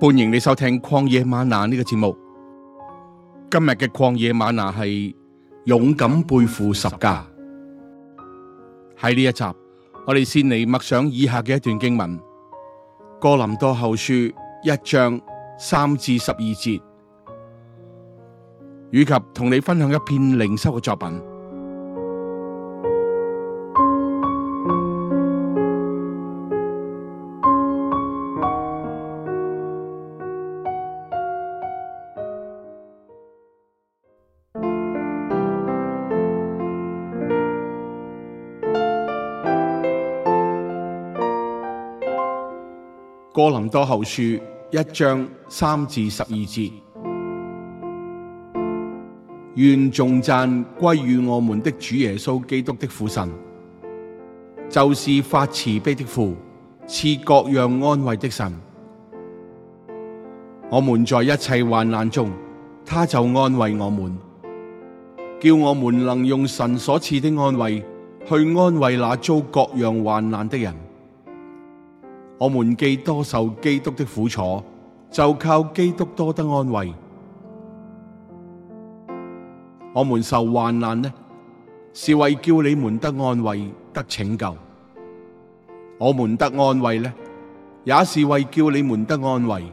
歡迎你收聽曠野嗎哪呢個節目。今日嘅曠野嗎哪係勇敢背負十架。喺呢一集，我哋先嚟默想以下嘅一段經文：哥林多後書一章三至十二節，以及同你分享一篇靈修嘅作品。哥林多後書一章三至十二節，願眾讚歸於我們的主耶穌基督的父神，就是發慈悲的父，賜各樣安慰的神。我們在一切患難中，他就安慰我們，叫我們能用神所賜的安慰去安慰那遭各樣患難的人。我們既多受基督的苦楚，就靠基督多得安慰。我們受患難呢，是為叫你們得安慰、得拯救。我們得安慰呢，也是為叫你們得安慰。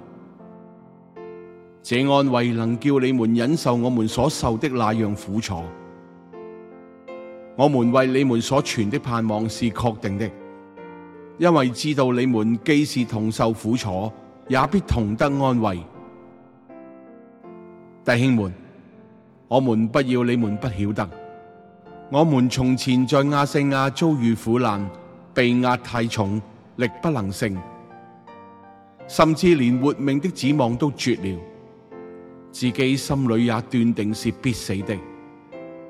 這安慰能叫你們忍受我們所受的那樣苦楚。我們為你們所存的盼望，是確定的。因為知道你們既是同受苦楚，也必同得安慰。弟兄們，我們不要你們不曉得。我們從前在亞細亞遭遇苦難，被壓太重，力不能勝，甚至連活命的指望都絕了，自己心裏也斷定是必死的。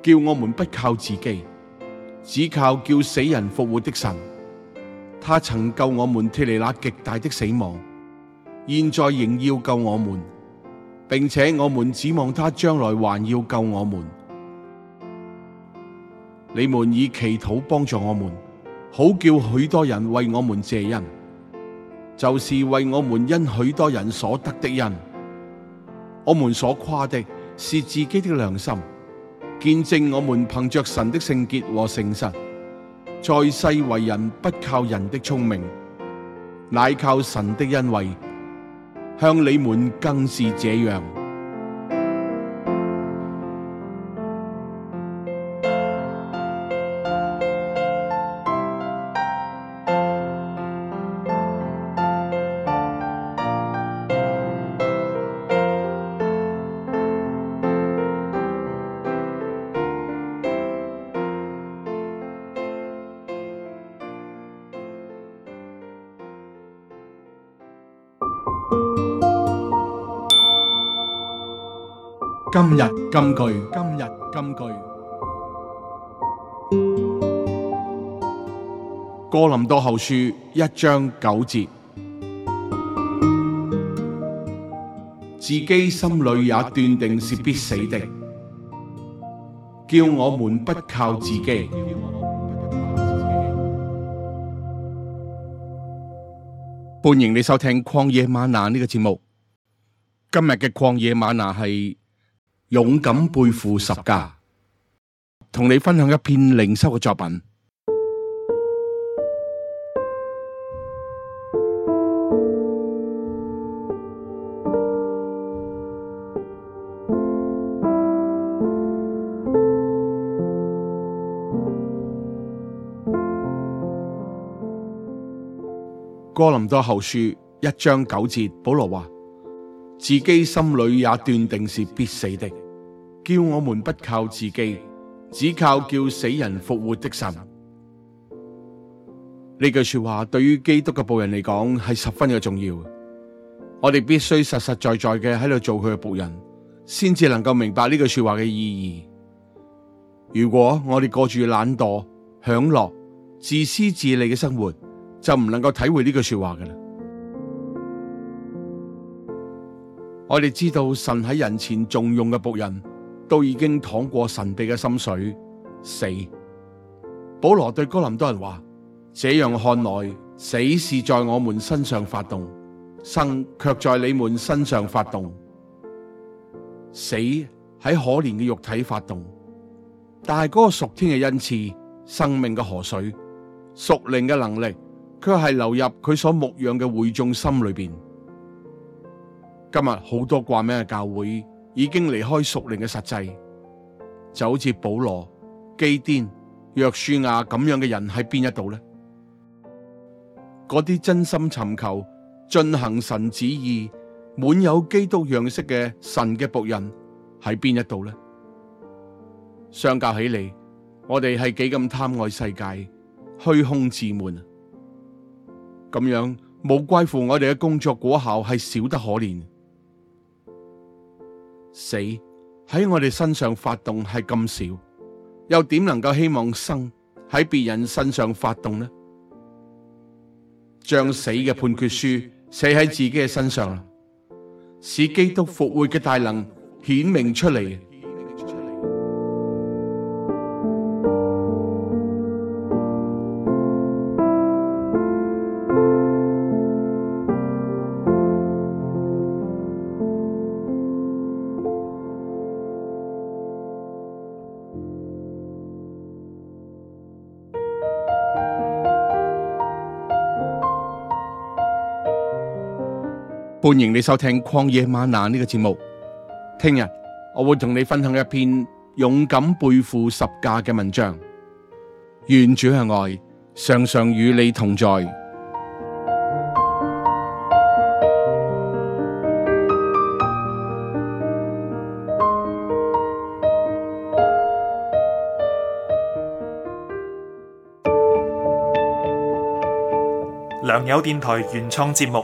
叫我們不靠自己，只靠叫死人復活的神。他曾救我們脫離那極大的死亡，現在仍要救我們，並且我們指望他將來還要救我們。你們以祈禱幫助我們，好叫許多人為我們謝恩，就是為我們因許多人所得的恩。我們所誇的是自己的良心，見證我們憑着神的聖潔和誠實。在世為人，不靠人的聰明，乃靠神的恩惠，向你們更是這樣。今日金句，今日金句。哥林多後書一章九節，自己心裏也斷定是必死的，叫我們不靠自己。歡迎你收聽曠野嗎哪呢個節目。今日嘅曠野嗎哪係。勇敢背負十架，同你分享一篇靈修嘅作品。哥林多後書一章九節，保羅話。自己心裏也斷定是必死的，叫我們不靠自己，只靠叫死人復活的神。呢句說話對於基督嘅僕人嚟講，係十分嘅重要。我哋必須實實在在嘅喺度做佢嘅僕人，先至能夠明白呢句說話嘅意義。如果我哋過住懶惰、享樂、自私自利嘅生活，就唔能夠體會呢句說話嘅啦。我哋知道神喺人前重用嘅僕人，都已經淌過神祕嘅心水。死。保羅對哥林多人話：這樣看來，死是在我們身上發動，生卻在你們身上發動。死喺可憐嘅肉體發動，但係嗰個屬天嘅恩賜、生命嘅河水、屬靈嘅能力，卻係流入佢所牧養嘅會眾心裏邊。今日好多掛名嘅教會已經離開屬靈嘅實際，就好似保羅、基甸、約書亞咁樣嘅人喺邊一度呢？嗰啲真心尋求、進行神旨意、滿有基督樣式嘅神嘅僕人喺邊一度呢？相較起嚟，我哋係幾咁貪愛世界、虛空自滿，咁樣冇怪乎我哋嘅工作果效係少得可憐。死喺我哋身上發動係咁少，又點能夠希望生喺別人身上發動呢？將死嘅判決書寫喺自己嘅身上，使基督復活嘅大能顯明出嚟。歡迎你收聽曠野嗎哪呢個節目。聽日我會同你分享一篇勇敢背負十架嘅文章。願主嘅愛常常與你同在。良友電台原創節目。